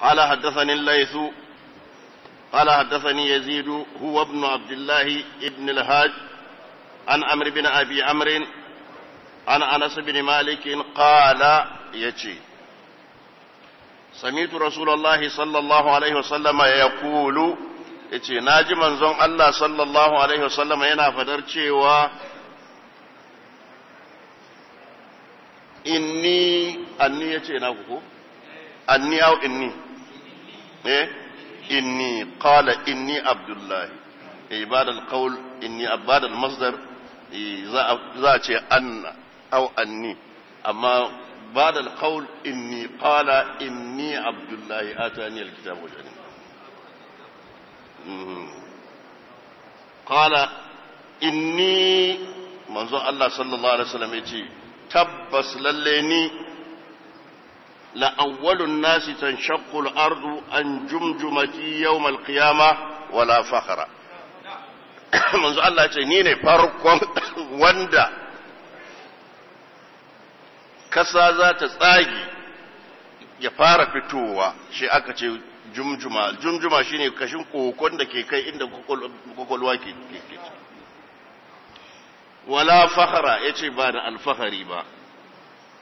قال حدثني الليث قال حدثني يزيد هو ابن عبد الله ابن الهاج عن عمرو بن أبي عمرو عن أنس بن مالك قال يجي سمعت رسول الله صلى الله عليه وسلم يقول yace na ji manzon Allah sallallahu alaihi wasallam yana fadar cewa inni anni yace na ku ko anni au inni eh inni qala inni abdullahi ibadal qaul inni abadal masdar za a ce anna aw anni amma badal qaul inni qala inni abdullahi atani alkitab wal ilm qala inni manzo Allah sallallahu alaihi wasallam yace tabbas lalle ni لأول الناس تنشق الأرض عن جمجمتي يوم القيامة ولا فخر منذ الله تنيني فرقم وندا kasa za ta tsagi ya fara fitowa shi aka ce jumjuma jumjuma shine kashin kokon da ke kai inda kokolwa ke ke wala fakhara yace ba da alfahari ba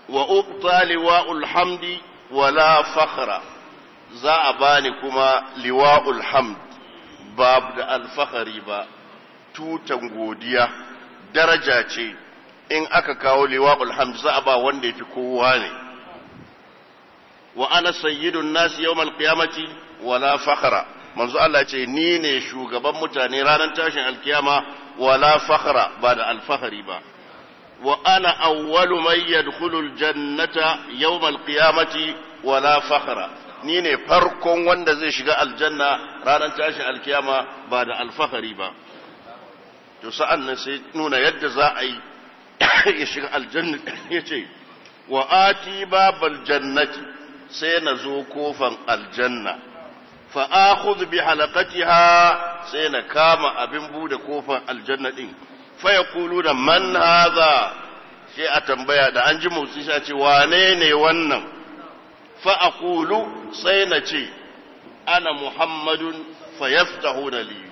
wa uqta liwa'ul hamdi wala fakhra za a bani kuma liwa'ul hamd ba da alfahari ba tutan godiya daraja ce in aka kawo liwa'ul hamd za a ba wanda yafi kowa ne wa ana sayyidun nas yawmal qiyamati wala fakhra manzo Allah ce ni ne shugaban mutane ranar tashin alkiyama wala fakhra ba da alfahari ba Wa'ana ana awwalu man yadkhulul jannata yawmal qiyamati wala fakhra ni ne farkon wanda zai shiga aljanna ranar tashin alkiyama ba da alfahari ba to sa'an nan sai nuna yadda za a yi ya shiga aljanna yace wa ati babal jannati sai na zo kofan aljanna fa akhudh bi halaqatiha sai na kama abin buɗe kofan aljanna ɗin. fa da man haza sai a tambaya da an ji motsi shi a ce wane ne wannan fa aqulu sai na ce ana muhammadun fa na liyu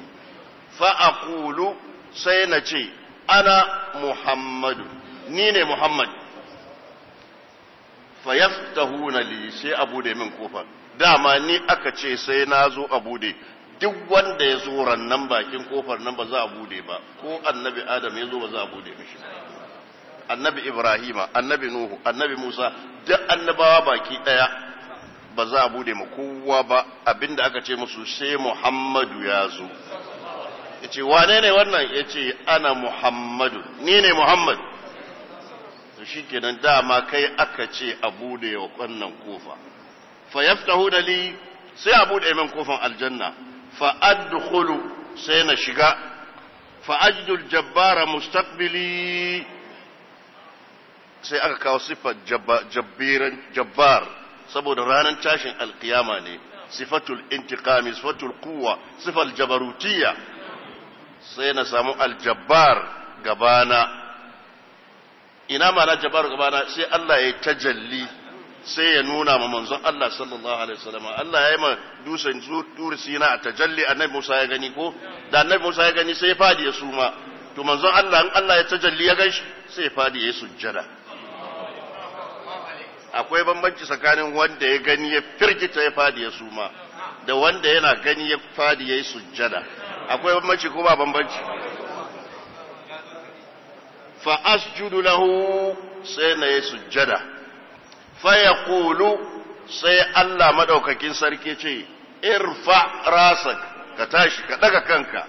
fa aqulu sai na ce ana muhammadu ni ne muhammad fa na liyu sai abu da min kofar dama ni aka ce sai na zo abu da duk wanda ya zo rannan bakin kofar nan ba za a bude ba ko annabi adam ya zo ba za a bude mishi annabi ibrahima annabi nuhu annabi musa duk annabawa baki daya ba za a bude ma kowa ba abinda aka ce musu sai muhammadu ya zo ya ce wane ne wannan ya ce ana muhammadu ni ne muhammadu shi kenan dama kai aka ce a bude wa wannan kofa fa yaftahu dali sai a bude min kofan aljanna fa adkhulu sai na shiga fa ajdul jabbara mustaqbili sai aka kawo sifar jabbiran jabbar saboda ranar tashin alkiyama ne sifatul intiqami sifatul quwwa sifal jabarutiyya sai na samu aljabbar gabana ina ma na jabbar gabana sai Allah ya yi tajalli sai ya nuna ma manzon Allah sallallahu alaihi wasallam Allah ya yi ma dusan turi sina tajalli annabi Musa ya gani ko da annabi Musa ya gani sai ya fadi ya suma to manzon Allah in Allah ya tajalli ya ganshi sai ya fadi ya sujjada akwai bambanci tsakanin wanda ya gani ya firgita ya fadi ya suma da wanda yana gani ya fadi ya sujjada akwai bambanci ko ba bambanci fa asjudu lahu sai na yi sujjada fayaqulu sai Allah madaukakin sarki ce irfa rasak ka tashi ka daga kanka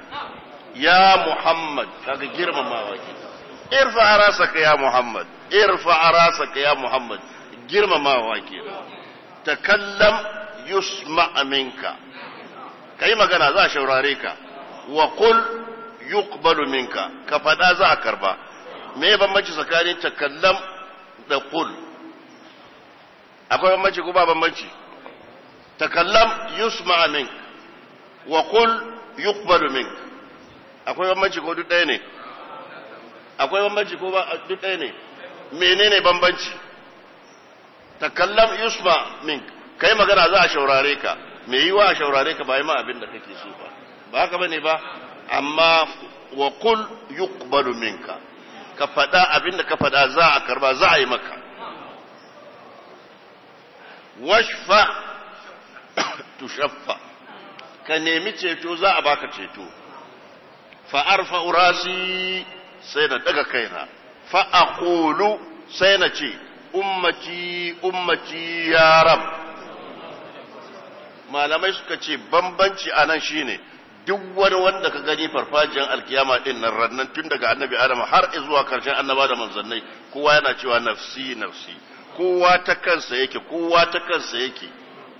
ya Muhammad kaga girmamawa ke irfa ka ya Muhammad irfa ka ya Muhammad girmamawa ke takallam yusma minka kai magana za a shaurare ka wa qul yuqbalu minka ka fada za a karba me ban bambanci tsakanin takallam da qul akwai bambanci ko ba bambanci takallam yusma mink wa qul yuqbalu mink akwai bambanci ko duk ɗaya ne akwai bambanci ko ba duk ɗaya ne menene bambanci takallam yusma mink kai magana za a shaurare ka me yi wa a shaurare ka ba yi ma abin da kake so ba ba haka bane ba amma wa qul yuqbalu minka ka faɗa abin da ka faɗa za a karba za a yi maka washfa tushaffa ka nemi ceto za a baka ceto fa'arfa urasi sai na daga kaina fa'akolu sai na ce ummaci ummaci malamai suka ce bambanci a nan shine duk wani wanda ka gani farfajiyar alkiyama din nan rannan tun daga annabi adam har zuwa karshen annaba da manzannai kowa yana cewa nafsi nafsi kowa ta kansa yake kowa ta kansa yake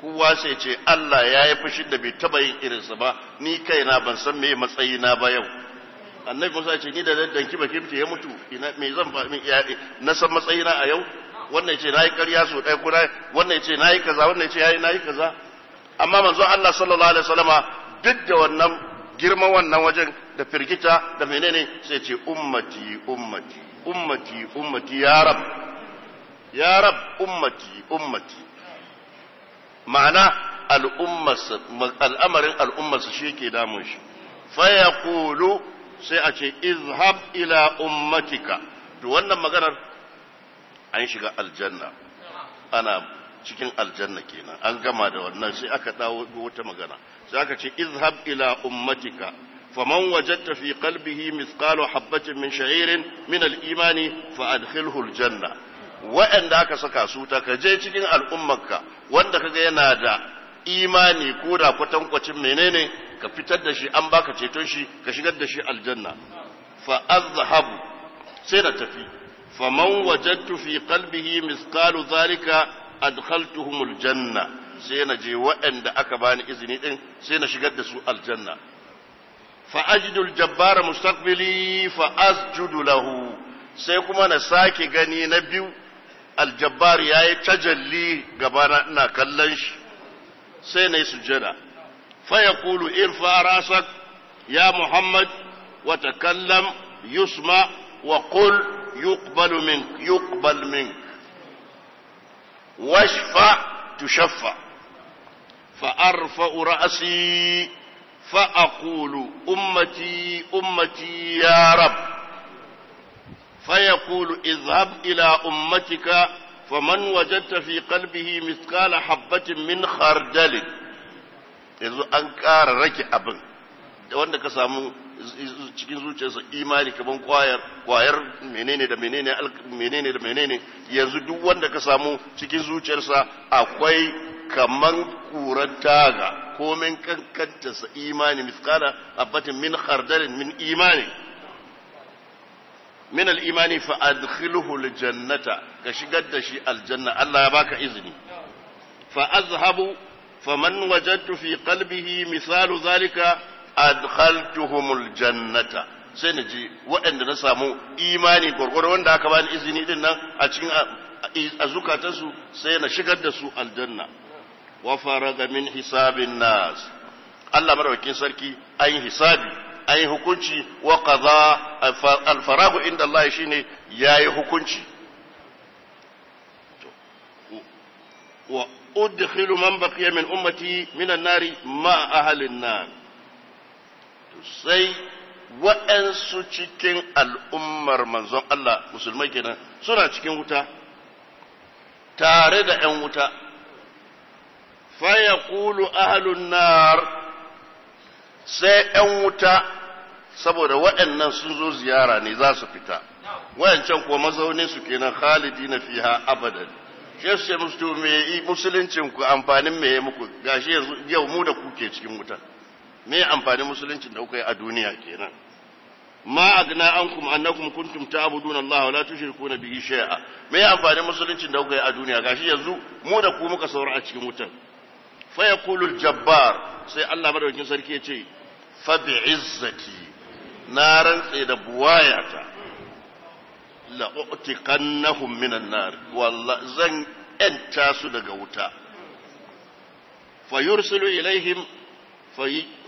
kowa sai ce Allah ya yi fushi da bai taba yin irinsa ba ni kaina ban san me matsayi na ba yau annabi Musa ce ni da daddan ki baki ya mutu ina me zan ba mi iyali na san matsayi na a yau wannan ce nayi ƙarya so ɗaya guda wannan ce nayi kaza wannan ce yayi nayi kaza amma manzo Allah sallallahu alaihi wasallama duk da wannan girma wannan wajen da firgita da menene sai ce ummati ummati ummati ummati ya rab ya rab ummati ummati ma'ana al'amarin al'ummarsa shi ke damun shi faya kulu sai a ce izhab ila ummatika to wannan maganar an shiga aljanna ana cikin aljanna kenan an gama da wannan sai aka dawo wata magana sai aka ce izhab ila ummatika faman wajadta fi qalbihi mithqalu habatin min sha'irin min al-imani fa adkhilhu al-janna waɗanda aka saka su ta kaje je cikin al'ummarka wanda kaga yana da imani ko da kwatankwacin menene ka fitar da shi an baka ceton shi ka shigar da shi aljanna fa azhabu sai na tafi fa man wajadtu fi qalbihi misqalu zalika adkhaltuhum aljanna sai na je waɗanda aka bani izini din sai na shigar da su aljanna fa ajidu aljabbara mustaqbili fa asjudu lahu sai kuma na sake gani na biyu aljabbar ya yi tajalli gabana ina kallon shi sai na yi sujjada faya kulu irfa rasak ya muhammad wata kallon yusma wa kul yuqbalu min yuqbal min washfa tushaffa فأرفع رأسي فأقول أمتي أمتي يا رب فيقول اذهب إلى أمتك فمن وجدت في قلبه مثقال حبة من خردل yanzu an ƙara rake abin da wanda ka samu cikin zuciyarsa imani kaman kwayar kwayar menene da menene menene da menene yanzu duk wanda ka samu cikin zuciyarsa akwai kaman kuran taga komin kankantarsa imani miskala abatin min khardalin min imani min imani fa adkhilhu jannata ka shigar da shi aljanna Allah ya baka izini fa azhabu man wajadtu fi qalbihi misalu zalika adkhaltuhum jannata sai na ji waɗanda na samu imani gurgurar wanda aka bani izini din nan a cikin a zukatansu sai na shigar da su aljanna wa faraga min hisabin nas Allah madaukakin sarki an hisabi a yi hukunci wa kaza alfaragu inda Allah shi ne ya yi hukunci wa udkhilu man baqiya min ummati minan nari ma ahalin nan sai waɗansu cikin al'ummar manzon Allah musulmai kenan suna cikin wuta tare da ‘yan wuta faya kulu ahalun nar sai ‘yan wuta saboda waɗannan sun zo ziyara ne za su fita wayancan kuwa mazaunin su kenan khalidi na fiha abadan shi su ce musu me musuluncin ku amfanin me ya muku gashi yanzu yau mu da ku ke cikin wuta me amfanin musuluncin da kuka yi a duniya kenan ma agna ankum annakum kuntum ta'buduna Allah wa la tushrikuna bihi shay'a me amfanin musuluncin da kuka yi a duniya gashi yanzu mu da ku muka saura a cikin wutan fa yaqulu jabbar sai Allah madaukakin sarki ya ce fa bi'izzati na rantse da buwayata la'u'tikannahum minan nar walla zan enta su daga wuta fayursalu ilaihim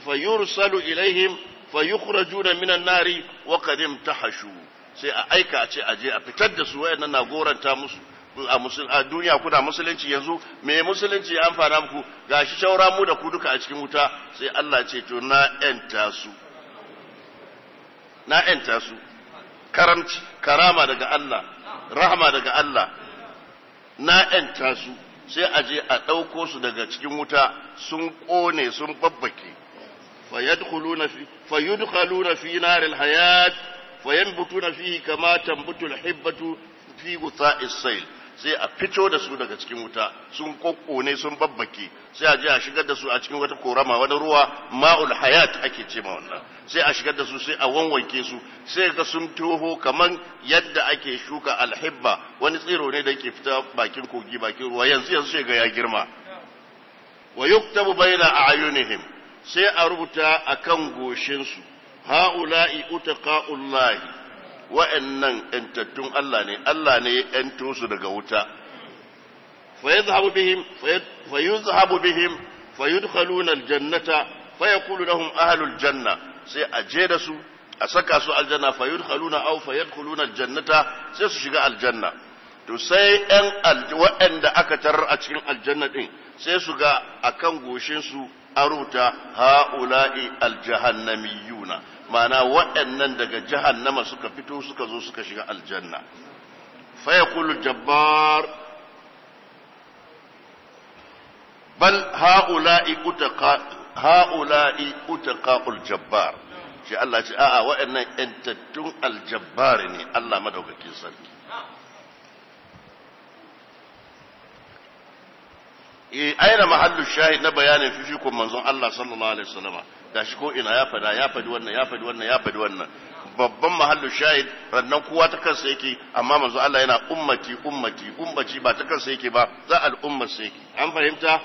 fayursalu ilaihim fayukhrajuna minan nari wa qad imtahashu sai a aika a ce aje a fitar da su wayannan na goranta musu a duniya kuna musulunci yanzu mai musulunci ya amfana muku gashi shaura mu da ku duka a cikin wuta sai Allah ce to na enta su na ‘yanta su, karamci, karama daga Allah, rahama daga Allah, na ‘yanta su, sai a je a ɗauko su daga cikin wuta sun ƙone sun babbake, fayyudkhaluna fi naril hayat, fayyambutuna fihi kama tambutul hibbatu fi gutsa isail. sai a fito da su daga cikin wuta sun kokkone sun babbake sai a je a shigar da su a cikin wata korama wani ruwa ma'ul hayat ake ce ma wannan sai a shigar da su sai a wanwanke su sai ga sun toho kaman yadda ake shuka alhibba wani tsiro ne da yake fita bakin kogi bakin ruwa yanzu yanzu sai ga ya girma wa yuktabu baina a'yunihim sai a rubuta akan goshin su ha'ula'i utaqa'ullahi wa’annan ‘yantattun Allah ne, Allah ne ya ‘yanto su daga wuta. Fayuzhabu bihim, fayudhalu nan jannata, fayakulu na hun ahalul janna, sai a je da su, a saka su aljanna, fayudhalu na Aw, fayudhalu na jannata, sai su shiga aljanna. To sai ‘yan wa’anda aka tarar a cikin aljanna ɗin, sai su ga a kan goshinsu aruta, rubuta ha’ula’i aljahannami yuna. ma'ana waɗannan daga jahannama suka fito suka zo suka shiga aljanna fa Kulu jabbar bal ha'ula'i utaka ha'ula'i utaqa'ul jabbar shi Allah ce a'a waɗannan ƴantattun aljabbar ne Allah madaukakin sarki eh aina mahallu shahid na bayanin fifikon manzon Allah sallallahu alaihi wasallama gashi ko ina ya fada ya fadi wannan ya fadi wannan ya fadi wannan babban mahallu shahid rannan kowa ta kansa yake amma manzo Allah yana ummati ummati ummati ba ta kansa yake ba za al'ummar sa yake an fahimta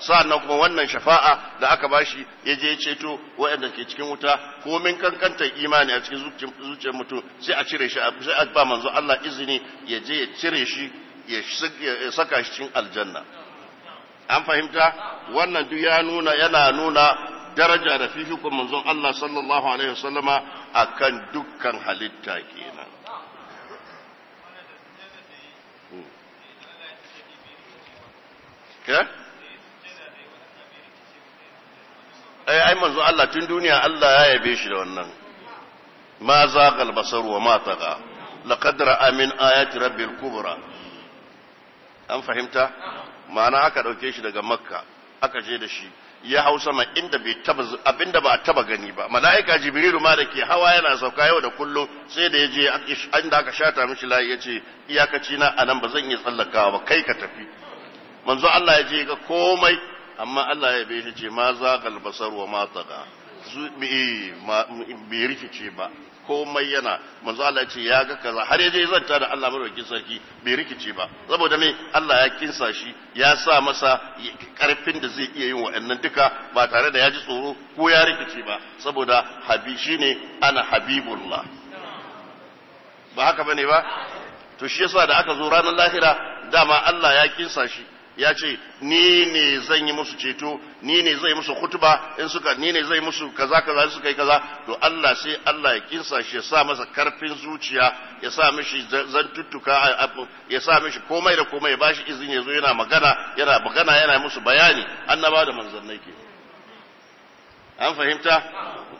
sa'annan kuma wannan shafa'a da aka bashi ya je ceto waɗanda ke cikin wuta komin kankantar imani a cikin zuciyar mutum sai a cire shi sai a ba manzo Allah izini ya je ya cire shi ya saka shi cikin aljanna an fahimta wannan duk ya nuna yana nuna daraja da fifikon manzon Allah sallallahu alaihi wasallama akan dukkan halitta kenan ke hmm. eh? eh, ai ai manzon Allah tun duniya Allah ya yabe shi da wannan ma za basar wa ma taga laqad ra'a min ayati rabbil kubra an fahimta ma'ana aka ɗauke shi daga makka aka je da shi ya hau sama inda bai taba abinda ba taba gani ba malaika jibrilu ma da ke hawa yana sauka yau da kullum sai da yaje inda aka shata mishi layi yace iyakaci na anan ba zan iya tsallakawa ba kai ka tafi manzo Allah ya je ga komai amma Allah ya bai shi ce ma za basar wa ma taga bai rikice ba komai yana manzo Allah ce ya ga kaza har yaje zanta da Allah madaukakin sarki bai rikice ba saboda me Allah ya kinsa shi ya sa masa karfin da zai iya yin wa'annan duka ba tare da ya ji tsoro ko ya rikice ba saboda habi shine ana habibullah ba haka bane ba to shi yasa da aka zo ranar lahira dama Allah ya kinsa shi ya ce ni ne zan yi musu ceto ni ne zai musu kutuba in suka ni ne zai musu kaza kaza suka yi kaza to Allah sai Allah ya kinsa shi ya sa masa karfin zuciya ya sa mishi zantuttuka ya sa mishi komai da komai ya bashi izini ya yana magana yana magana yana musu bayani annaba da manzannai ke an fahimta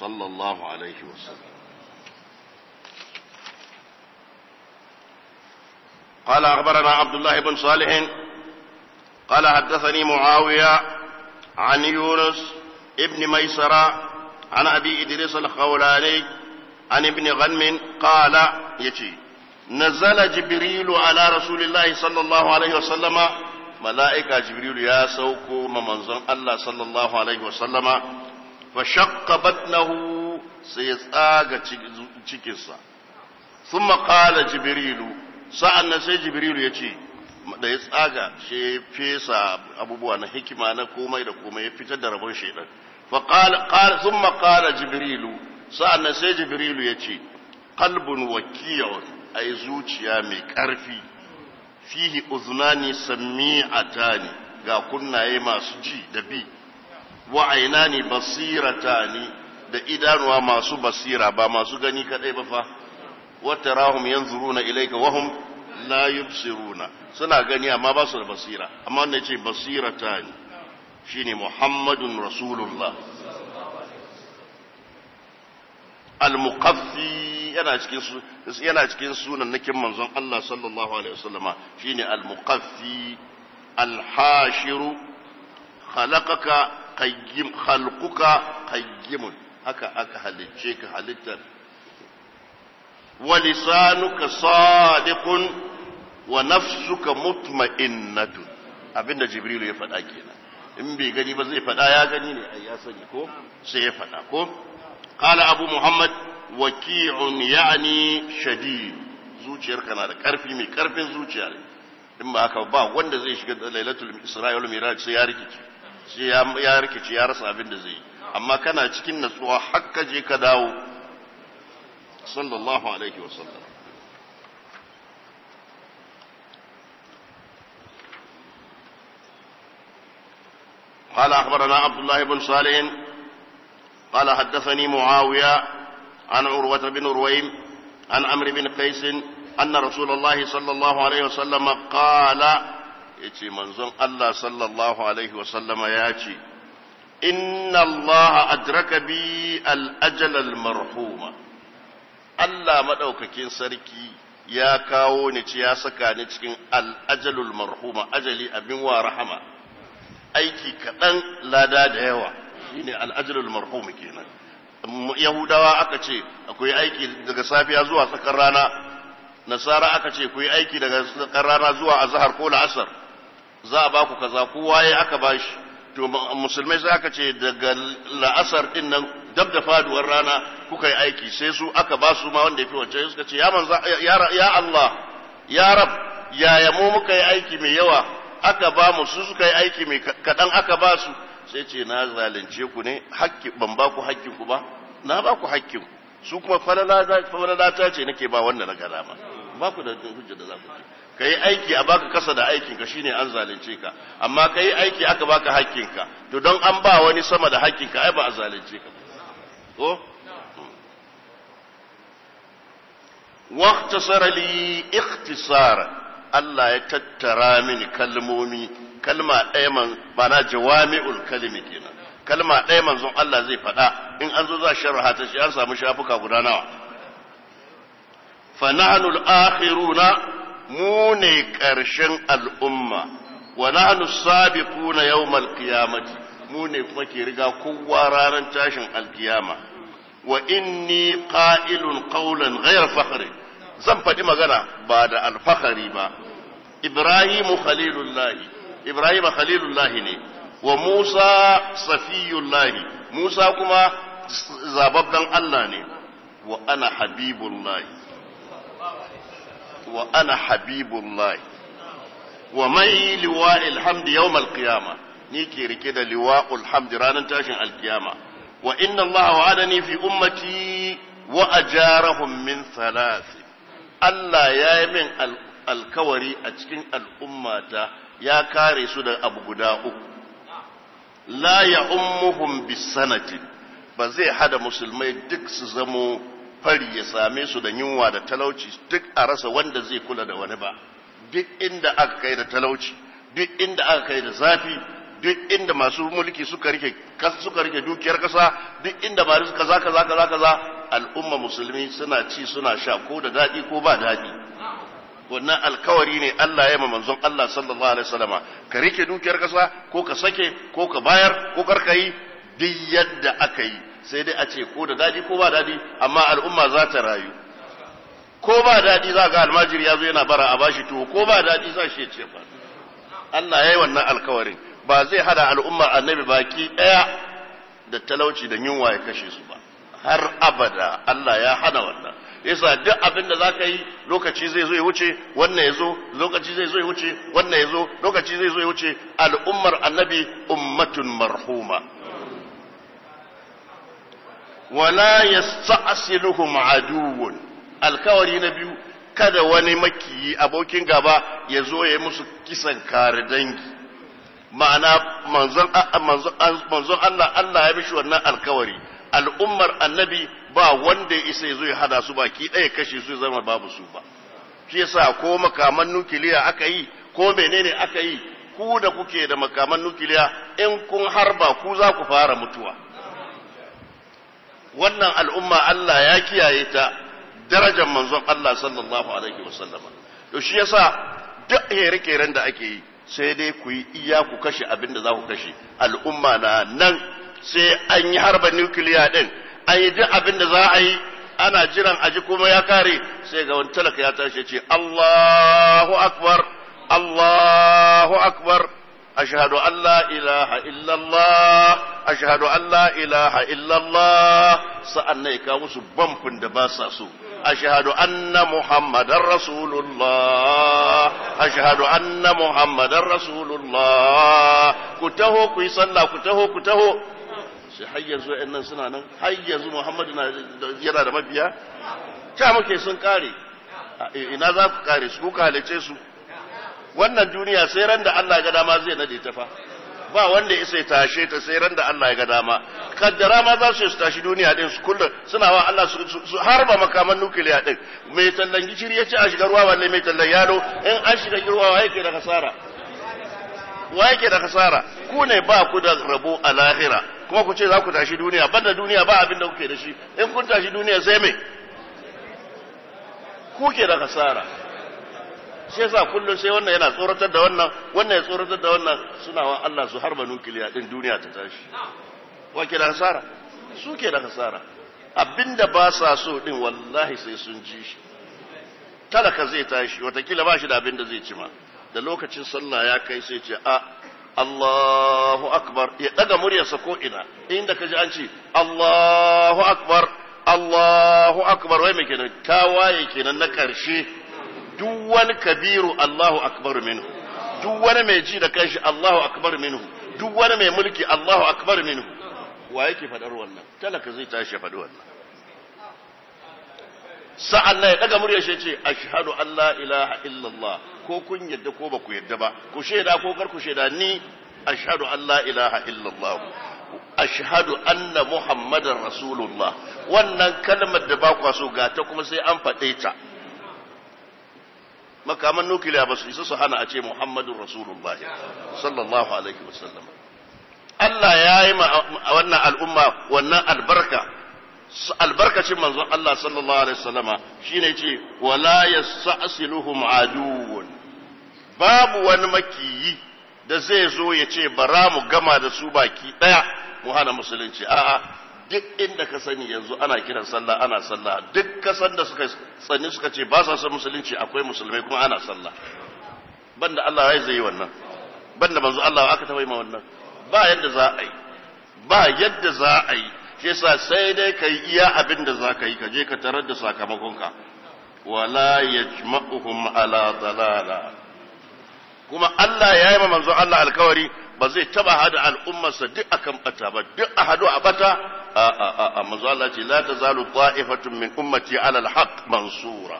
صلى الله عليه وسلم قال أخبرنا عبد الله بن صالح قال حدثني معاوية عن يونس ابن ميسرة عن أبي إدريس الخولاني عن ابن غنم قال يتي نزل جبريل على رسول الله صلى الله عليه وسلم ملائكة جبريل يا سوكو ممنزل الله صلى الله عليه وسلم fa shaqqa batnahu sai ya tsaga cikinsa thumma qala jibrilu sa'annan sai jibrilu ya ce da ya tsaga shi fesa abubuwa na hikima na komai da komai ya fitar da rabon shaidan fa qala qala thumma qala jibrilu sa'annan sai jibrilu ya ce qalbun a yi zuciya mai karfi fihi uzunani sami'atani ga kunnaye masu ji da bi wa ainani basiratani da idanuwa masu basira ba masu gani kadai ba fa rahum yanzuruna ilayka wahum hum la yubsiruna suna gani amma ba su da basira amma wannan yace basiratani shine muhammadun rasulullah al-muqaffi yana cikin yana cikin sunan nakin manzon Allah sallallahu alaihi wasallama shine al-muqaffi al-hashiru khalaqaka qayyim khalquka haka aka halicce ka halittar wa lisanuka sadiqun wa nafsuka mutma'innatun abinda jibrilu ya faɗa kenan in bai gani ba zai fada ya gani ne ai ya sani ko sai ya faɗa ko qala abu muhammad waki'un ya'ni shadid zuciyarka na da ƙarfi mai ƙarfin zuciya ne in ba haka ba wanda zai shiga lailatul isra'il miraj sai ya rikice shi ya rikici ya rasa abin da zai amma kana cikin natsuwa hakka je ka dawo sallallahu alaihi wasallam قال أخبرنا عبد الله بن صالح قال حدثني معاوية عن عروة بن رويم عن عمرو بن قيس أن رسول الله صلى الله عليه وسلم قال yace manzon Allah sallallahu alaihi wasallama ya ce inna Allah adraka bi al-ajal al-marhuma Allah maɗaukakin sarki ya kawo ni ci ya saka ni cikin al-ajalul marhuma ajali abin wa rahama aiki kaɗan lada da yawa shi ne ajalul marhum kenan yahudawa aka ce akwai aiki daga safiya zuwa tsakar rana nasara aka ce akwai aiki daga tsakar rana zuwa Azahar ko la'asar za a baku kaza kowa ya aka bashi to musulmai sai aka ce daga la'asar din nan dab da faduwar rana kuka yi aiki sai su aka ba su ma wanda ya fi wacce suka ce ya manza ya Allah ya rab ya yamo muka yi aiki mai yawa aka ba mu su suka yi aiki mai kaɗan aka ba su sai ce na zalunce ku ne hakki ban ba ku hakkin ku ba na ba ku hakkin su kuma falala ta ce nake ba wanda na gada ba ba ku da hujja da za ku ka yi aiki a baka kasa da aikinka shine an zalunce ka amma ka yi aiki aka baka hakkinka to don an ba wani sama da ka ai ba a zalunce ka ko hmm. waqtasara li ikhtisara Allah ya tattara mini kalmomi kalma ɗaya man bana jawami'ul kalimi kenan kalma ɗaya manzon Allah zai faɗa in an zo za sharha ta shi an samu shafuka guda nawa fa nahnu akhiruna mu ne ƙarshen al'umma wa nahnu sabiquna yau qiyamati mu ne kuma ke riga kowa ranar tashin alkiyama wa inni qa'ilun qawlan gayar fakhri zan faɗi magana ba da alfahari ba ibrahimu khalilullahi Ibrahimu khalilullahi ne wa musa safiyullahi musa kuma zababben Allah ne wa ana habibullahi wa ana habibullahi wa mai liwa hamdi yawmal qiyama ni ke rike da liwa'ul ranar tashin alkiyama wa inna allaha adani fi ummati wa min salasi Allah ya yi min alkawari a cikin al'ummata ya kare su da abu guda uku la ya ummuhum bisanatin ba zai hada musulmai duk su zamo fari ya same su da yunwa da talauci duk a rasa wanda zai kula da wani ba duk inda aka kai da talauci duk inda aka kai da zafi duk inda masu mulki suka rike suka rike dukiyar kasa duk inda ba su kaza kaza kaza kaza al'umma musulmi suna ci suna sha ko da dadi ko ba dadi wannan alkawari ne Allah ya yi manzon Allah sallallahu alaihi wasallama ka rike dukiyar kasa ko ka sake ko ka bayar ko karka yi duk yadda aka yi sai dai a ce ko da daɗi ko ba dadi amma al'umma za ta rayu ko ba dadi za ga almajiri ya zo yana bara a bashi tuwo ko ba dadi za shi ce ba Allah ya yi wannan alkawarin ba zai hada al'umma annabi baki daya da talauci da yunwa ya kashe su ba har abada Allah ya hana wannan yasa duk abin da zaka yi lokaci zai zo ya wuce wannan ya zo lokaci zai zo ya wuce wannan ya zo lokaci zai zo ya wuce al'ummar annabi ummatun marhuma wala yasta'siluhum ma'aduwun? alkawari na biyu kada wani makiyi abokin gaba ya zo ya musu kisan kare dangi ma'ana manzon manzon Allah Allah ya mishi wannan alkawari al'ummar annabi ba wanda isa ya zo ya hada su ba ki ɗaya kashe su zama babu su ba shi yasa ko makaman nukiliya aka yi ko menene aka yi ku da kuke da makaman nukiliya in kun harba ku za ku fara mutuwa wannan al'umma Allah ya kiyaye ta darajar manzon Allah sallallahu alaihi wasallama to shi yasa duk here-keren da ake yi sai dai ku yi iya ku kashe abin da za ku kashe al'umma na nan sai an yi harba nukiliya din an yi duk abin da za a yi ana jiran aji kuma ya kare sai ga wani talaka ya tashi ce Allahu akbar Allahu akbar أشهد أن لا إله إلا الله أشهد أن لا إله إلا الله سأنيك وسبم فندباساسو أشهد أن محمد رسول الله أشهد أن محمد رسول الله كتهو كي صلى كتهو كتهو shi har yanzu nan suna nan har yanzu Muhammadu yana da mabiya ta muke sun kare ina za ku kare su ku kalice su wannan duniya sai ran da Allah ya ga dama zai nade ta fa ba wanda ya tashe ta sai ran da Allah ya ga dama kaddara ma za su tashi duniya din su kullum suna wa Allah su harba makaman nukiliya din mai tallan gishiri ya ci a shiga ruwa wanne mai tallan yalo in an shiga ruwa wa yake da kasara wa yake da kasara ku ne ba ku da rabo a lahira kuma ku ce za ku tashi duniya banda duniya ba abin da kuke da shi in kun tashi duniya sai me ku ke da kasara shi yasa kullum sai wannan yana tsoratar da wannan wannan ya tsoratar da wannan suna wa Allah su harba nukiliya din duniya ta tashi wa ke da hasara su ke da hasara abinda ba sa so din wallahi sai sun ji shi talaka zai tashi watakila ba shi da abinda zai ci ma da lokacin sallah ya kai sai ce a Allahu akbar ya daga muryarsa ko ina inda ka ji an ce Allahu akbar Allahu akbar wai me kenan tawaye kenan na karshe duk wani kabiru Allahu akbar minhu duk wani mai ji da kanshi Allahu akbar minhu duk wani mai mulki Allahu akbar minhu wa yake fadar wannan talaka zai tashi faɗi wannan sa'an nan ya daga murya shi ce ashhadu an la ilaha illallah ko kun yadda ko ba ku yadda ba ku sheda ko kar ku sheda ni ashhadu an la ilaha Allah ashhadu anna muhammadar rasulullah wannan kalmar da ba ku so ga ta kuma sai an fade ta makaman nukiliya ba su isa su hana a ce muhammadun rasulullah sallallahu alaihi wasallam Allah ya yi wannan al'umma wannan albarka albarkacin manzon Allah sallallahu alaihi wasallama shine ce wala yasasiluhum aduwwun babu wani makiyi da zai zo ya ce bara mu gama da su baki daya mu hana musulunci a'a duk inda ka sani yanzu ana kiran sallah ana sallah duk kasan da suka tsani suka ce ba sa son musulunci akwai musulmai kuma ana sallah banda Allah ya zai yi wannan banda manzo Allah aka tawaye ma wannan ba yadda za a yi ba yadda za a yi shi yasa sai dai kai iya abin da za ka yi ka je ka tarar da sakamakonka wala yajma'uhum ala dalala kuma Allah ya yi ma manzo Allah alkawari ba zai taba hada al'ummarsa duk akan bata ba duk a hado a bata a a a manzo Allah ce la tazalu ta'ifatun min ummati ala haq mansura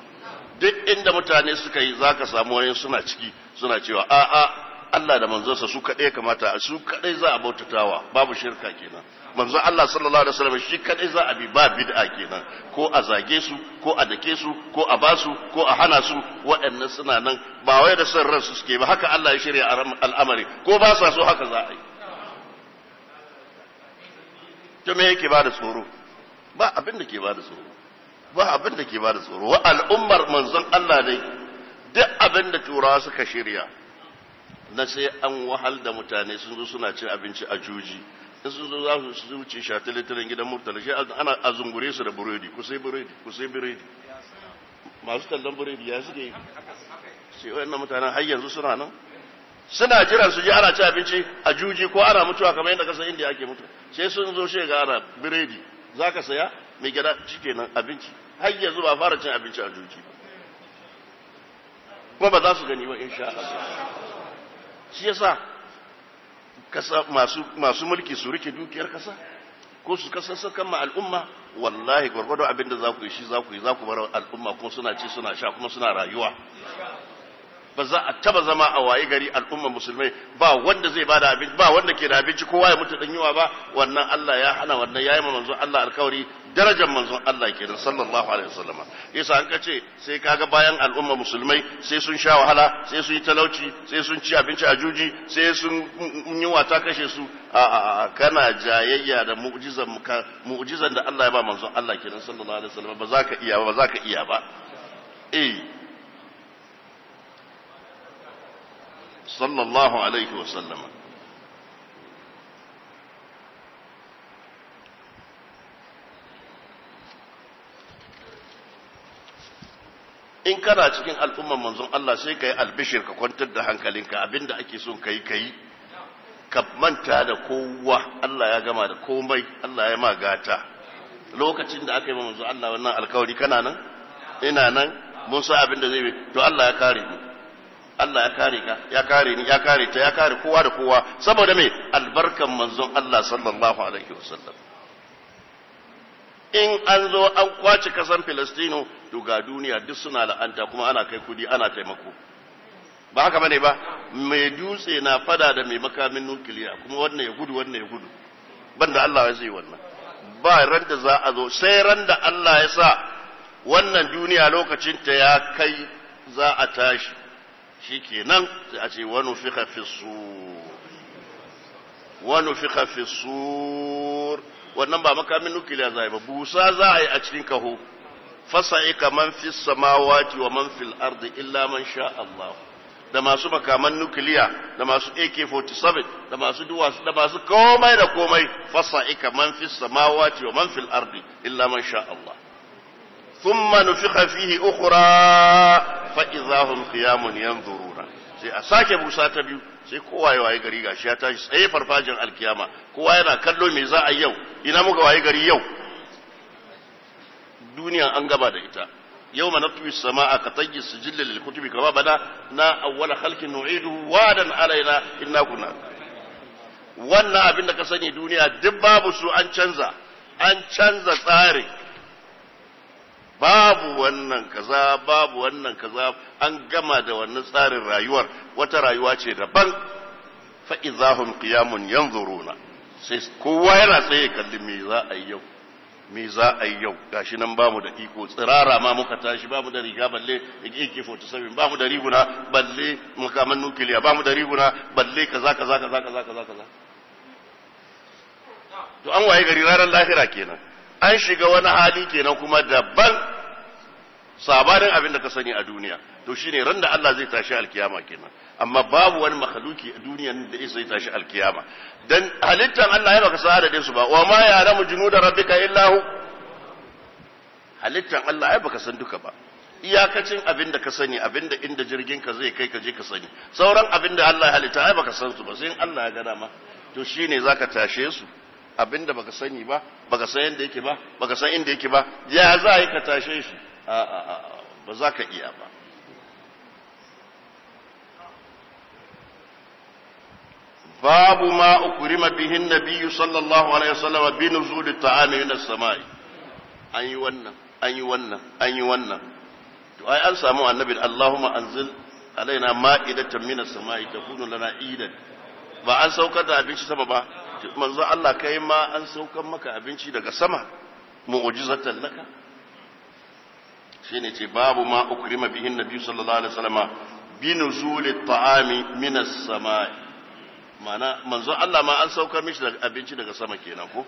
duk inda mutane suka yi zaka samu wani suna ciki suna cewa a a Allah da sa su kadai kamata su kadai za a bautatawa babu shirka kenan manzo Allah sallallahu alaihi wasallam shi kadai za a bi ba bid'a kenan ko a zage su ko a dake su ko a ba su ko a hana su waɗannan suna nan ba wai da son ransu suke ba haka Allah ya shirya al'amari ko ba sa so haka za a yi to me yake bada tsoro ba abin da ke bada tsoro ba abin da ke bada tsoro wa al'ummar manzon Allah ne duk abin da turawa suka shirya na sai an wahal da mutane sun zo suna cin abinci a juji in sun zo za su wuce shata litirin gidan murtala shi ana azungure su da buredi ku sai buredi ku sai buredi masu tallan buredi ya suke yi sai wayannan mutanen har yanzu suna nan suna jiran su je ana ci abinci a juji ko ana mutuwa kamar yadda kasan indiya ake mutu sai sun zo shi ana biredi za ka saya mai gida cike nan abinci har yanzu ba fara cin abinci a juji ba ba za su gani ba insha Allah shi yasa kasa masu masu mulki su rike dukiyar kasa ko su kasance kan ma al'umma wallahi gwargwado abinda za ku yi shi za ku yi za ku bar al'umma ko suna ci suna sha kuma suna rayuwa ba za a taba zama a waye gari al'umma musulmai ba wanda zai bada abinci ba wanda ke da abinci kowa ya mutu danyuwa yiwa ba wannan Allah ya hana wannan yayi ma manzon Allah alkawari darajar manzon Allah kenan sallallahu alaihi wasallama yasa an kace sai kaga bayan al'umma musulmai sai sun sha wahala sai sun yi talauci sai sun ci abinci a juji sai sun yi wata kashe su a kana jayayya da mu'jizan mu'jizan da Allah ya ba manzon Allah kenan sallallahu alaihi wasallama ba za ka iya ba za ka iya ba eh sallallahu alaihi وسلم in kana cikin al'umman manzon Allah sai ka yi albishir ka kwantar da hankalinka abinda ake son ka yi ka yi ka manta da kowa Allah ya gama da komai Allah ya magata lokacin da aka yi manzon Allah wannan alkawari kana nan ina nan mun sa abinda zai to Allah ya kare mu Allah ya kare ka ya kare ni ya kare ta ya kare kowa da kowa saboda me albarkan manzon Allah sallallahu alaihi wasallam in an zo an kwaci kasan Filistino to ga duniya duk suna la'anta kuma ana kai kudi ana taimako ba haka bane ba mai dutse na fada da mai makamin nukiliya kuma wannan ya gudu wannan ya gudu banda Allah ya zai wannan ba ran da za a zo sai ran da Allah ya sa wannan duniya lokacin ta ya kai za a tashi shikenan sai a ce wani fika fi sur wani fika fi sur wannan ba makamin nukiliya za a yi ba busa za a yi a cikin kaho fasa'ika man fi samawati wa man fil ardi illa man sha Allah da masu makaman nukiliya da masu AK47 da masu duwatsu da masu komai da komai fasa'ika man fi samawati wa man fil ardi illa man sha Allah thumma nufikha fihi ukhra fa izahum qiyamun yanzuruna sai a sake busa ta biyu sai kowa ya waye gari gashi ya tashi tsaye farfajin alkiyama kowa yana kallo me za a yau ina muka waye gari yau duniya an gaba da ita yau يوم نطوي السماء كطي السجل للكتب bada na أول خلق nu'idu wadan alaina إنا كنا wannan abin da ka sani duniya duk babu su an canza an canza tsarin babu wannan kaza babu wannan kaza an gama da wannan tsarin rayuwar wata rayuwa ce daban fa izahum qiyamun yanzuruna sai kowa yana tsaye kalli me za a yi yau me za a yi yau gashi nan bamu da iko tsirara ma muka tashi bamu da riga balle foto 47 bamu da riguna balle makaman nukiliya bamu da riguna balle kaza kaza kaza kaza kaza kaza to an waye gari ranar lahira kenan an shiga wani hali kenan kuma daban sabanin abin da ka sani a duniya to shine ran da Allah zai tashi alkiyama kenan amma babu wani makhluki a duniyan da isa zai tashi alkiyama dan halittan Allah ya baka sa'ada da su ba wa ma ya ramu junuda rabbika illa hu halittan Allah ya baka san duka ba iyakacin abin da ka sani abin da inda jirgin ka zai kai ka je ka sani sauran abin da Allah ya halitta ai baka san su ba sai Allah ya gada ma to shine zaka tashe su abinda baka sani ba baka san yanda yake ba baka san inda yake ba ya za a yi ka tashe shi a a a ba za ka iya ba babu ma ukurima bihin nabiyyu sallallahu alaihi wasallam bi nuzul ta'ami min as-sama'i an yi wannan an yi wannan an yi wannan to ai an samu annabi Allahumma anzil alaina ma'idatan min as-sama'i takunu lana idan ba an saukar da abinci sama ba manzo Allah kai ma an saukan maka abinci daga sama mu'jizatan laka shine ce babu ma ukrima bihin nabi sallallahu alaihi wasallama at'ami ta'ami as samai mana manzo Allah ma an saukar mishi daga abinci daga sama kenan ko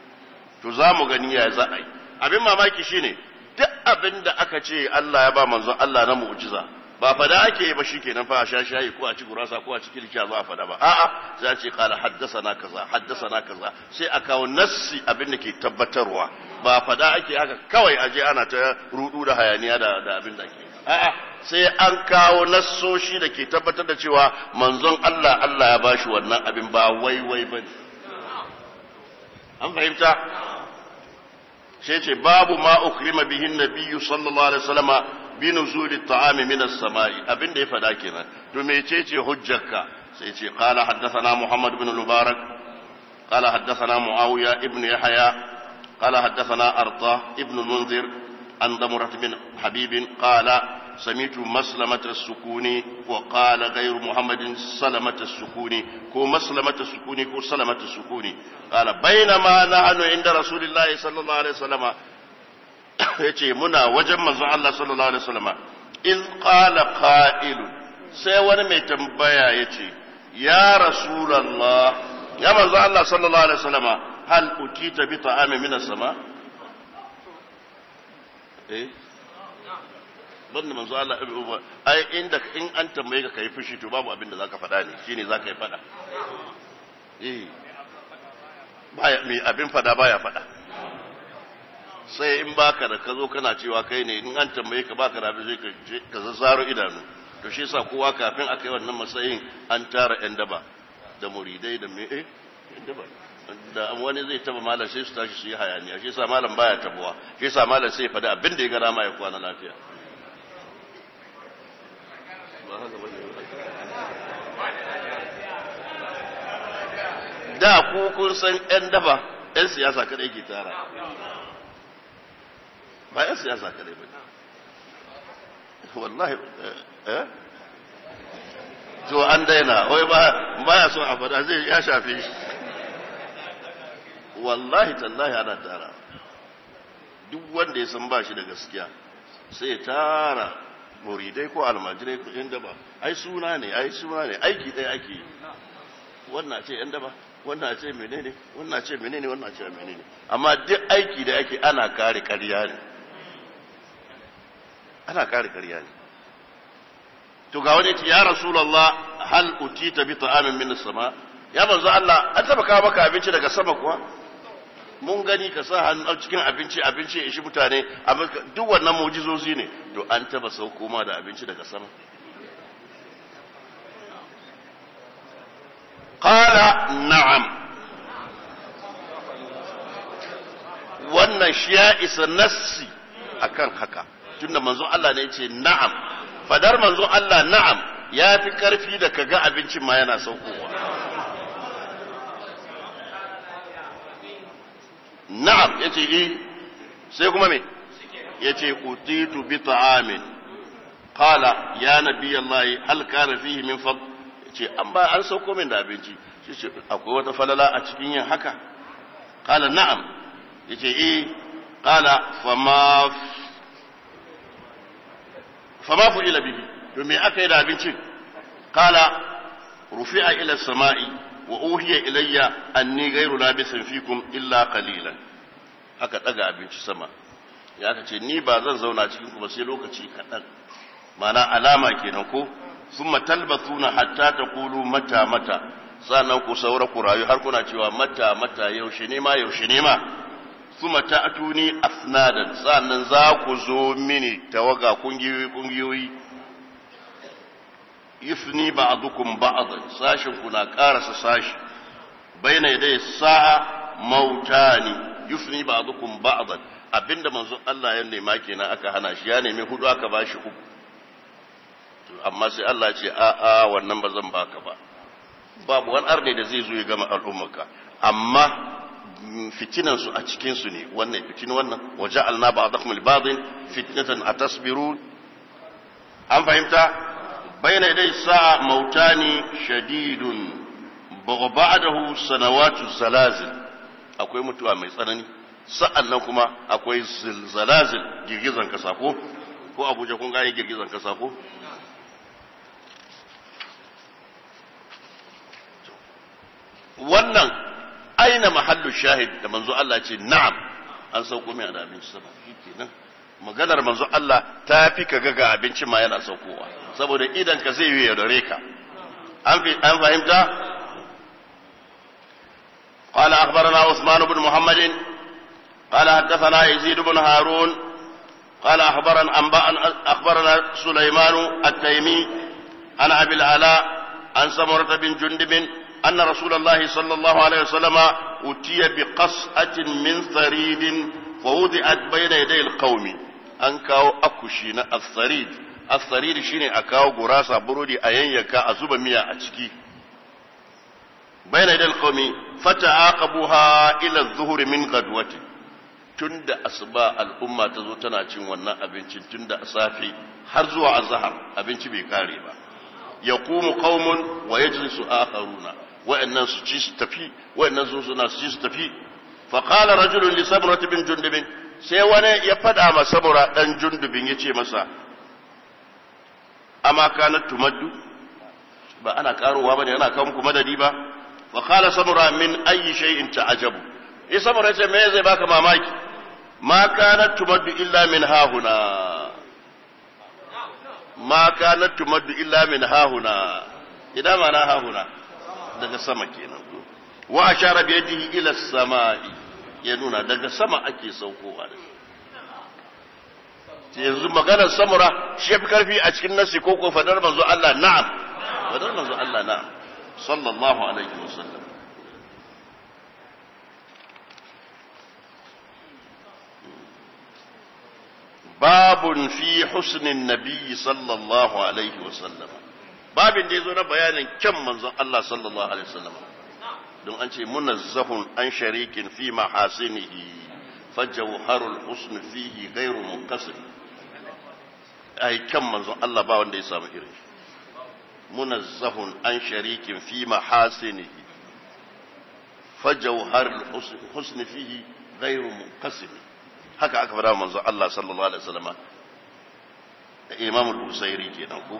to zamu gani ya za a yi abin mamaki shine duk abin da aka ce Allah ya ba manzo Allah na mu'jiza ba fada ake yi ba shikenan fa a sha shayi ko a ci gurasa ko a ci kirki a zo a fada ba a'a za ce kala na kaza na kaza sai a kawo nassi abin da ke tabbatarwa ba fada ake haka kawai a je ana ta rudu da hayaniya da abin da ke a'a sai an kawo nassoshi da ke tabbatar da cewa manzon Allah Allah ya bashi wannan abin ba wai wai bane an fahimta sai ce babu ma ukrima bihin nabiyyu sallallahu alaihi wasallama bi nuzuli ta'ami min samai abin da ya fada kenan to mecece hujjarka sai ce qala haddathana muhammad ibn mubarak qala haddathana muawiya ibn yahya qala haddathana arta ibn munzir an damurah bin habib qala sukuni مسلمة السكوني وقال Muhammadin محمد سلمة السكوني كو مسلمة السكوني كو سلمة السكوني قال بينما نحن عند رسول الله صلى الله عليه وسلم yace muna wajen manzon Allah sallallahu alaihi wasallam in qala qa'il sai wani mai tambaya yace ya rasulullah ya manzon Allah sallallahu alaihi wasallam hal ukita bi ta'amin minas sama eh banda manzo Allah ai inda in an tambaye ka kai fushi to babu abin da zaka faɗa ne shine zaka yi faɗa eh baya mai abin faɗa baya faɗa sai in baka da ka zo kana cewa kai ne in an tambaye ka baka da zai ka zazzaro idanu to shi yasa kowa kafin akai wannan matsayin an tara yan daba da muridai da me eh yan daba da wani zai taba malam sai su tashi su yi hayaniya shi yasa malam baya tabuwa shi yasa malam sai faɗi abin da ya gara ma ya kwana lafiya da ku kun san yan daba yan siyasa kada ke tara ba yan siyasa kare ba wallahi eh, eh to an daina wai ba ya son a fada zai ya shafe shi wallahi tallahi ana tara duk wanda ya san ba shi da gaskiya sai ya tara muridai ko almajirai ko yan daba ai suna ne ai suna ne aiki ɗaya ake yi wannan ce yan daba wannan ce menene wannan ce menene wannan ce menene amma duk aiki da ake ana kare ƙarya ne ana kare karya ne to ga wani ya rasulullah hal utita bi ta'amin min sama ya manzo Allah an taba kawo maka abinci daga sama kuwa mun gani ka sa hannu cikin abinci abinci ya shi mutane duk wannan mujizozi ne to an taba sauko ma da abinci daga sama qala na'am wannan shi ya isa nassi akan haka tunda manzon Allah ne yace na'am fadar manzon Allah na'am ya fi karfi da kaga abincin ma yana saukowa na'am yace eh sai kuma me yace utitu bi ta'amin qala ya Allah hal kana fihi min fadl yace an ba an sauko min da abinci shi ce akwai wata falala a cikin yin haka qala na'am yace eh qala fama fa ma ila bihi to me aka yi da abincin qala rufi'a ila samai wa uhiya ilayya anni ghayru labisin fikum illa qalilan aka daga abinci sama ya aka ce ni ba zan zauna cikin ku ba sai lokaci kaɗan mana alama kenan ko summa talbathuna hatta taqulu mata mata sannan ku saura ku rayu har kuna cewa mata mata yaushe ne ma yaushe ne ma Kuma ta atuni asnadan sannan za ku zo mini tawaga kungiyoyi kungiyoyi yufni ba'dukum ba'dan sashin ku na karasa sashi baina yadai sa'a mautani yufni ba'dukum ba'dan abinda manzon Allah ya nema kenan aka hana shi ya nemi hudu aka bashi uku amma sai Allah ce a a wannan ba zan baka ba babu wani arne da zai zo ya gama al'ummarka amma fitinan su a cikin su ne wannan fitin wannan waja'alna ba'dakum li ba'din fitnatan atasbirun an fahimta bayna idai sa'a mautani shadidun ba'dahu sanawatu zalazil akwai mutuwa mai tsanani sa'annan kuma akwai zalazil girgizan kasa ko ko Abuja kun ga girgizan kasa ko wannan aina mahallu shahid da manzo Allah ce na'am an sauko mai da abinci sama shikenan maganar manzo Allah ta fi ka ga abinci ma yana saukowa saboda idan ka zai yi dare ka an fahimta قال أخبرنا عثمان بن محمد قال حدثنا يزيد بن هارون قال أخبرنا أنبأ أخبرنا سليمان التيمي عن أبي العلاء عن سمرة بن جندب أن رسول الله صلى الله عليه وسلم أتي بقصعة من ثريد فوضعت بين يدي القوم أنكاو أكشين الثريد الثريد شيني أكاو قراسة برودي أين يكا أزوب ميا أتكي بين يدي القوم فتعاقبوها إلى الظهر من غدوته tun da asuba al'umma ta zo tana cin wannan abincin tun da safe har zuwa azhar abinci bai kare ba ya kuma kaumun wa ya jinsu akharuna wa'annan su ci su tafi wa'annan su suna su ci su tafi fa qala rajulun li samura bin jundubin sai wani ya fada ma samura dan jundubin yace masa amma kana tumaddu ba ana karowa bane ana kawo muku madadi ba fa qala samura min ayi shay'in ta'ajabu eh samura ce me zai baka mamaki ma kana tumaddu illa min hahuna ma kana tumaddu illa min hahuna idan ma na hahuna daga sama kenan wa ashara bi yadihi ila samai ya nuna daga sama ake saukowa da yanzu maganar samura shi fi karfi a cikin nasi ko ko fadar manzo Allah na'am fadar manzo Allah na'am sallallahu alaihi wasallam babun fi husnin nabi sallallahu alaihi wasallam babin da ya zo na bayanin kyan manzon Allah sallallahu alaihi wasallam don an ce munazzahun an sharikin fi mahasinihi fajawharul husn fihi ghairu munqasim ai kyan manzon Allah ba wanda ya samu irin shi munazzahun an sharikin fi mahasinihi fajawharul husn fihi ghairu munqasim haka aka fara manzon Allah sallallahu alaihi wasallam Imam al-Busairi kenan ko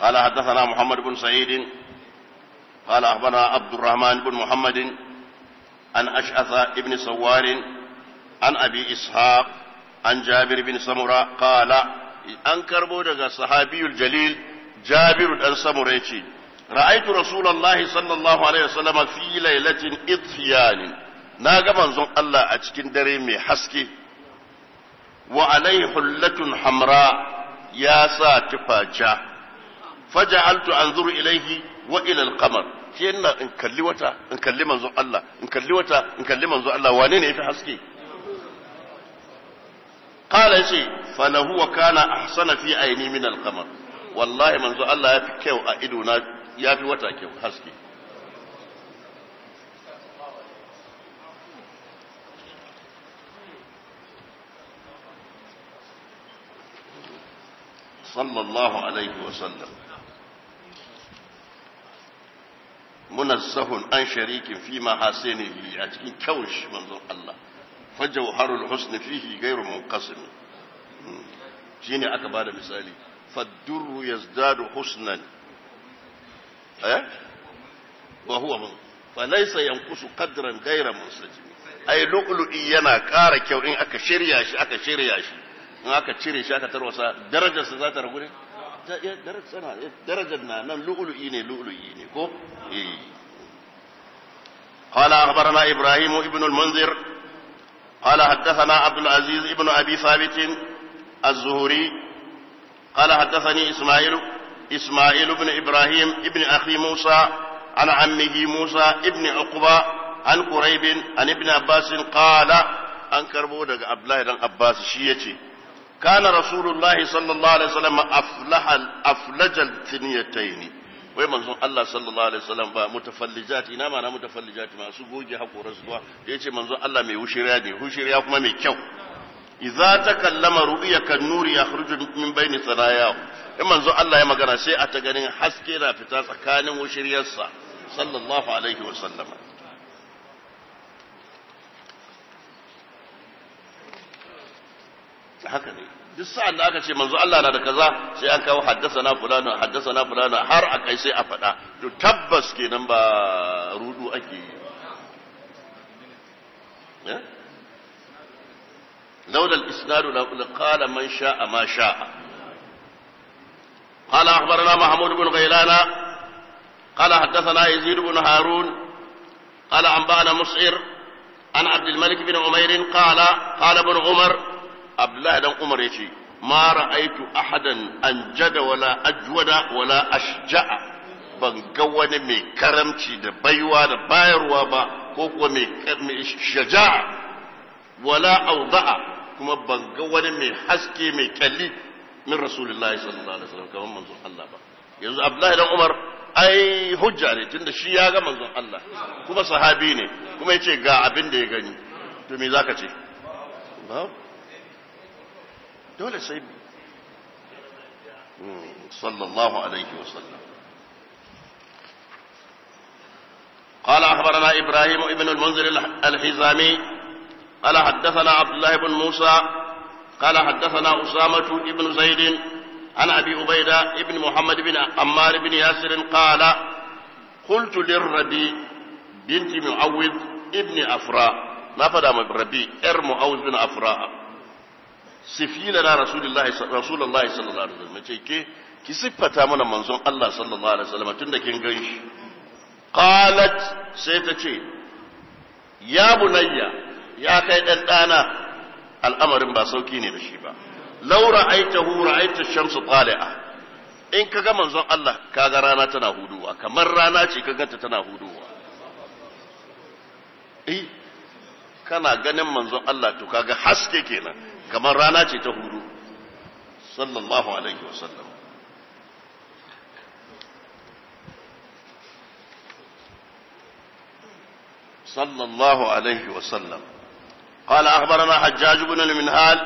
قال حدثنا محمد بن سعيد قال أخبرنا عبد الرحمن بن محمد عن أشعث بن سوار عن أبي إسحاق عن جابر بن سمرة قال أن كربو دغا صحابي الجليل جابر بن سمرة رأيت رسول الله صلى الله عليه وسلم في ليلة إطفيان ناغا منزون الله أتكين دري مي حسكي وعليه حلة حمراء يا ساتفا جاه فجعلت انظر اليه والى القمر شي ان نكلي وتا نكلي منزو الله نكلي وتا نكلي منزو الله واني ني في حسكي قال شي فانا هو كان احسن في عيني من القمر والله منزو الله يا فيكيو ايدو نا يا في وتا كيو حسكي صلى الله عليه وسلم munazzahun an sharikin fi ma hasinihi a cikin kyawun shi manzon Allah fajawharul husn fihi ghairu munqasim hmm. shine aka bada misali fadurru yazdadu husnan eh wa huwa mun falaysa yanqusu qadran ghairu munsajim ai lu'lu'i yana ƙara kyau in aka shirya shi aka shirya shi in aka cire shi aka tarwasa darajarsa za ta ragu ne darajar na nan lu'ulu'i ne lu'ulu'i ne ko yi eh. kala a gabar na ibrahimu ibn al-munzir kala haddasa na abdulaziz ibn abi az-zuhuri kala haddasa ni ismailu ibrahim ibn akhi musa an ammihi musa ibn aqba an an ibn abbas qala an karbo daga abdullahi dan abbas shi ya ce. kana rasulullahi sallallahu alaihi wasallam aflahal aflajal thiniyatayn wai manzon Allah sallallahu alaihi wasallam ba mutafallijat ina ma na mutafallijat masu goge hakoran su da yace manzon Allah mai hushiriya ne hushiriya kuma mai kyau idza takallama ru'ya kan nuri yakhruju min bayni sarayahu in manzo Allah ya magana sai a ta ganin haske na fita tsakanin wushiriyarsa sallallahu alaihi wasallam haka ne duk sa'an da aka ce manzo Allah na da kaza sai an kawo fulano haddasa na fulano har a kai sai a faɗa to tabbas kenan ba rudu ake yi لولا الإسناد لقال من شاء ما شاء قال أخبرنا محمود بن غيلان قال حدثنا يزيد بن هارون قال أنبأنا مسعر عن عبد الملك بن عمير قال قال ابن عمر abdullahi dan umar ya ce ma ra'aitu ahadan an jada wala ajwada wala ashja'a ban ga wani mai karamci da baiwa da bayarwa ba ko kuwa mai shaja'a wala auda'a kuma ban ga wani mai haske mai kyalli min rasulullahi sallallahu alaihi wasallam kamar manzon Allah ba yanzu abdullahi dan umar ai hujja ne tunda shi ya ga manzon Allah kuma sahabi ne kuma yace ga abin da ya gani to me zaka ce دول dole صلى الله عليه وسلم قال أخبرنا إبراهيم ابن المنذر الحزامي قال حدثنا عبد الله بن موسى قال حدثنا أسامة بن زيد عن أبي عبيدة بن محمد بن عمار بن ياسر قال قلت للربي بنت معوذ ابن أفراء ما فدام الربي إر معوذ بن أفراء sifila na rasulullahi rasulullahi sallallahu alaihi wasallam ce ke ki siffata mana manzon Allah sallallahu alaihi wasallam tunda kin gan shi qalat sai ta ce ya bunayya ya kai dan dana al'amarin ba sauki ne da shi ba law ra'aitahu ra'aita ash-shamsu tali'a in kaga manzon Allah kaga rana tana huduwa kamar rana ce kaga ta tana huduwa eh kana ganin manzon Allah to kaga haske kenan kamar rana ce ta hudu sallallahu alaihi wasallam صلى الله عليه وسلم قال أخبرنا حجاج بن المنهال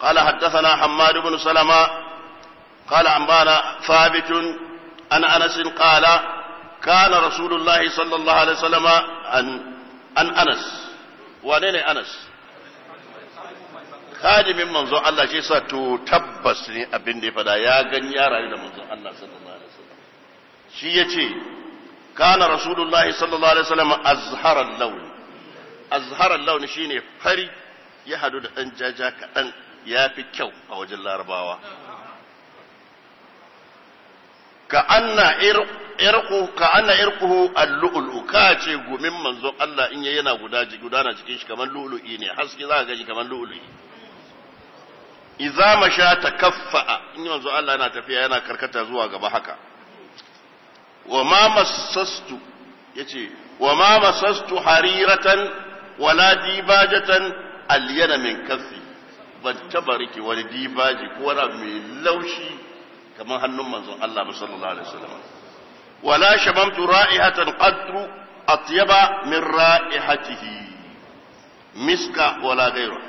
قال حدثنا حماد بن سلمة قال أنبانا ثابت أن أنس قال كان رسول الله صلى الله عليه وسلم أن, أن أنس ولين أنس khadimin manzo Allah shi sa to tabbas ne abin da ya fada ya gan ya rayu da manzo Allah sallallahu alaihi wasallam shi yace kana rasulullahi sallallahu alaihi wasallam azhara lawn azhara lawn shine fari ya hadu da dan jaja ya yafi kyau a wajen larabawa ka anna irqu ka anna irquhu al-lu'lu ka ce gumin manzo Allah in yayi yana guda gudana cikin shi kamar lu'lu'i ne haske za ka ga kamar lu'lu'i iza masha takaffa in yanzu Allah yana tafiya yana karkata zuwa gaba haka wa ma masastu yace wa ma masastu hariratan wala dibajatan alyana min kaffi ban taba rike wani dibaji ko wani mai laushi kamar hannun manzon Allah sallallahu alaihi wasallam wala shamamtu ra'ihatan qadru atyaba min ra'ihatihi miska wala ghayra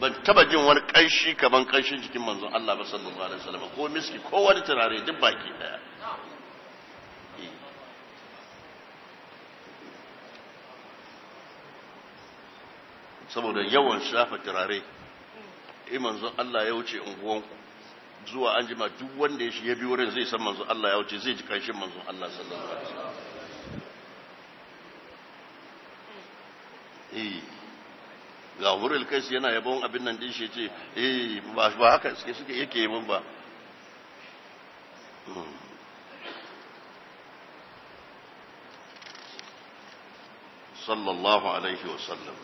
ban taba jin wani kanshi kaman kanshin jikin manzon Allah ba sallallahu alaihi wasallam ko miski ko wani turare duk baki daya eh. saboda yawan shafa turare in manzon Allah ya wuce unguwanku zuwa an jima duk wanda ya shi ya bi wurin zai san manzon Allah ya wuce zai ji kanshin manzon Allah sallallahu alaihi wasallam eh ga wuril kai yana yabon abin nan din shi ce eh ba haka suke suke yake yi ba hmm. sallallahu alaihi wa sallam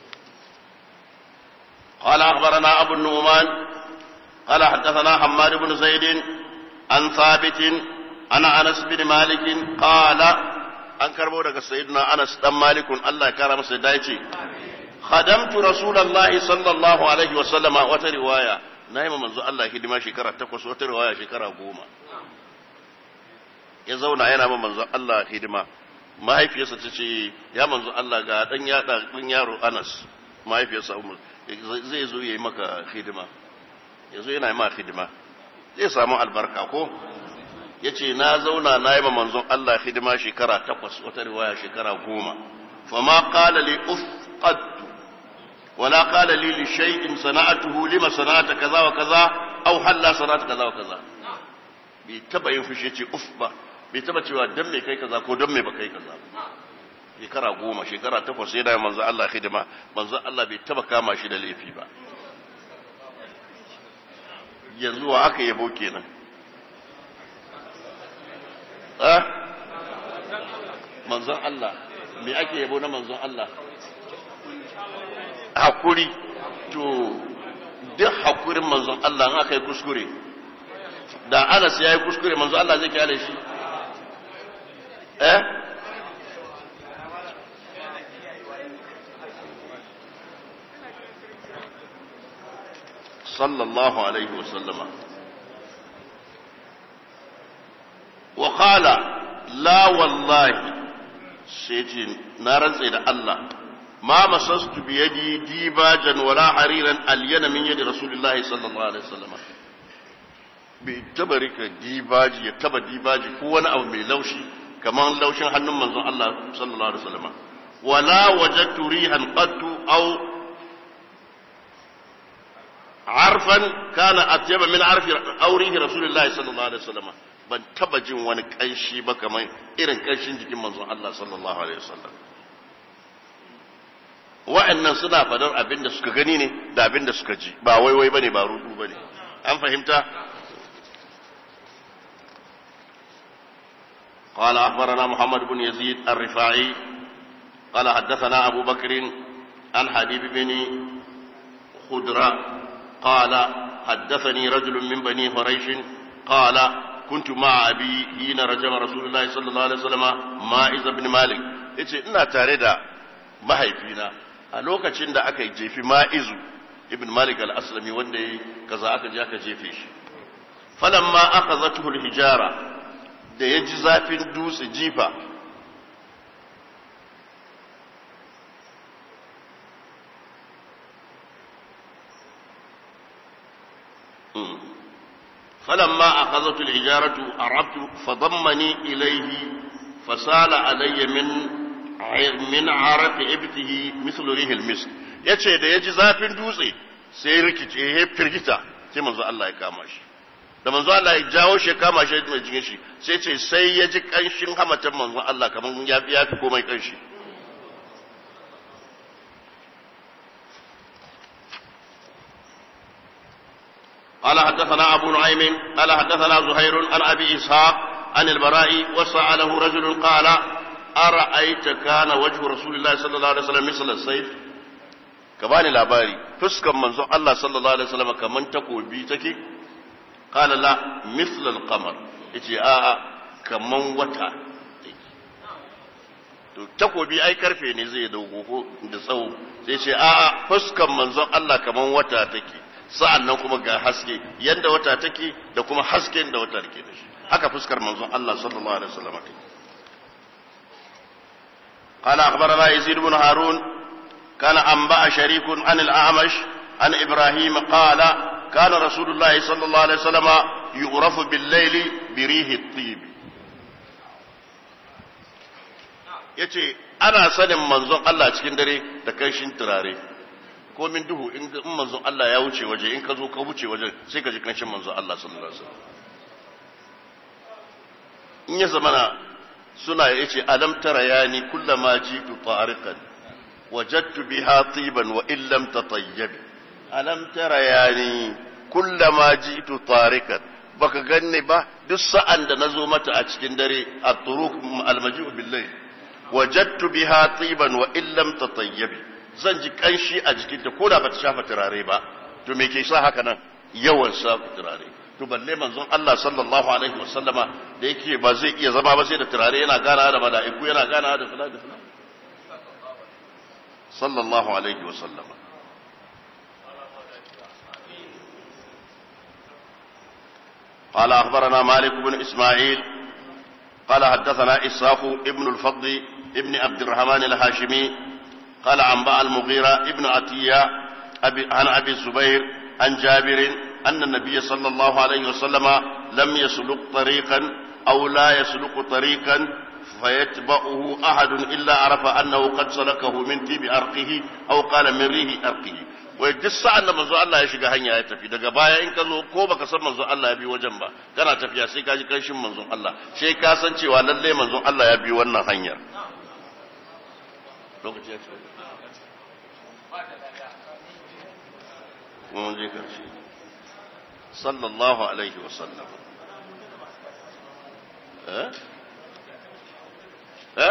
قال اخبرنا ابو النعمان قال حدثنا حماد بن زيد عن ثابت انا انس بن مالك قال an karbo daga sayyidina Anas dan Malikun Allah ya kara masa ya dace khadamtu rasulullahi sallallahu alaihi wa sallama wata riwaya na yi manzo Allah hidima shekara takwas wata riwaya shekara goma ya zauna yana ma manzo Allah hidima mahaifiyarsa ta ce ya manzo Allah ga dan yada dan yaro Anas mahaifiyarsa zai zo yayi maka hidima yazo yana ma hidima zai samu albarka ko yace na zauna na yi ma manzo Allah hidima shekara takwas wata riwaya shekara goma fama qala li ufqad wala qala li li shay'in sana'atuhu lima sana'ata kaza wa kaza aw halla sana'ata kaza wa kaza bai taba yin fushi ce ba bai taba cewa dan me kai kaza ko dan me ba kaza shekara goma shekara takwas yana manzo Allah hidima manzo Allah bai taba kama shi da laifi ba yanzu wa aka kenan Allah me ake yabo na manzon Allah hakuri to duk hakurin manzon Allah in aka yi kuskure da Anas ya yi kuskure manzon Allah zai kyale shi eh sallallahu alaihi wasallama wa qala la wallahi sai ce na rantse da Allah ma masastu bi yadi dibajan wala hariran alyana min yadi rasulillahi sallallahu alaihi wasallam rika dibaji ya taba dibaji ko wani abu mai laushi kamar laushin hannun manzon Allah sallallahu alaihi wasallam wala wajadtu rihan qattu aw arfan kana atyaba min arfi aurihi rasulillahi sallallahu alaihi wasallam ban taba jin wani kanshi ba kamar irin kanshin jikin manzon Allah sallallahu alaihi wa'annan suna fadar abin da suka gani ne da abin da suka ji ba waiwai ba ne ba rudu ba ne an fahimta ƙwala akwarana bin yazid al-rifa'i ƙwala haddasa abu bakirin an habibi bini khudra ƙwala haddasa rajulun min bani horeshin ƙwala kuntu ma abi yi na rajama rasulullahi sallallahu alaihi wasallama ma'iza bin malik ya ce ina tare da mahaifina a lokacin da aka jefi ma'izu ibn malik al-aslami wanda ya kaza aka ji aka jefe shi falamma akhazatuhu al-hijara da ya ji zafin dutse jifa فلما أخذت الحجارة عرفت فضمني إليه فسال علي من min arafi ibtihi mislu rihil misk yace da yaji zafin dutse sai rikice ya firgita sai manzo Allah ya kama shi da manzo Allah ya jawo shi ya kama shi mai jikin shi sai ce sai yaji kanshin hamatan manzo Allah kaman ya fi ya fi komai kanshi قال حدثنا أبو نعيم قال حدثنا زهير عن أبي إسحاق عن البراء وسأله رجل قال ara'aita kana wajhu rasulillahi sallallahu alaihi wasallam misal sayf ka bani labari fuskan manzon Allah sallallahu alaihi wasallam kaman takobi take kana la misal alqamar yace a a kaman wata to takobi ai karfe ne zai dogo ko da tsawo sai ce a a fuskan manzon Allah kaman wata take sa'annan kuma ga haske yanda wata take da kuma hasken da wata take da shi haka fuskar manzon Allah sallallahu alaihi wasallam take قال أخبرنا يزيد بن هارون كان أنبأ شريك عن الأعمش عن إبراهيم قال كان رسول الله صلى الله عليه وسلم يعرف بالليل بريح الطيب yace ana sanin manzon Allah cikin dare da kanshin turare ko min duhu in manzon Allah ya wuce waje in ka zo ka wuce waje sai ka ji kanshin manzon Allah sallallahu alaihi wasallam in ya zamana suna ya ce alam tara yani kullama jitu tariqan wajadtu biha tiban wa illam tatayyib alam tara yani kullama jitu tariqan baka ganni ba duk sa'an da nazo mata a cikin dare at-turuq al-majuu bil-layl wajadtu biha tiban wa illam tayyabi zan ji kanshi a jikinta ko da bata shafa turare ba to me ke sa haka nan yawan shafa turare to balle manzon Allah sallallahu alaihi wasallama da yake ba zai iya zama ba sai da turare yana gana da mala'iku yana gana da fula da fula sallallahu alaihi wasallama قال أخبرنا مالك بن إسماعيل قال حدثنا إسحاق ابن الفضل ابن عبد الرحمن الهاشمي قال عن المغيرة ابن عطية عن أبي الزبير عن جابر أن النبي صلى الله عليه وسلم لم يسلك طريقا أو لا يسلك طريقا فيتبعه أحد إلا عرف أنه قد سلكه من تيب أرقه أو قال من ريه أرقه wai duk sa'an da manzo Allah ya shiga hanya ya tafi daga baya in ka zo ko baka san manzo Allah ya bi wajen ba kana tafiya sai ka ji kanshin manzon Allah sai ka san cewa lalle manzon Allah ya bi wannan hanyar lokaci ya صلى الله عليه وسلم ها ها